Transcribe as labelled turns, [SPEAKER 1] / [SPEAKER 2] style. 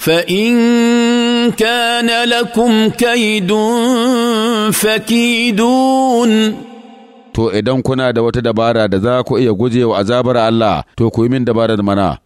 [SPEAKER 1] فان كان لكم كيد فكيدون to idan kuna da wata dabara da za ku iya gujewa
[SPEAKER 2] azabar Allah to ku yi min dabarar mana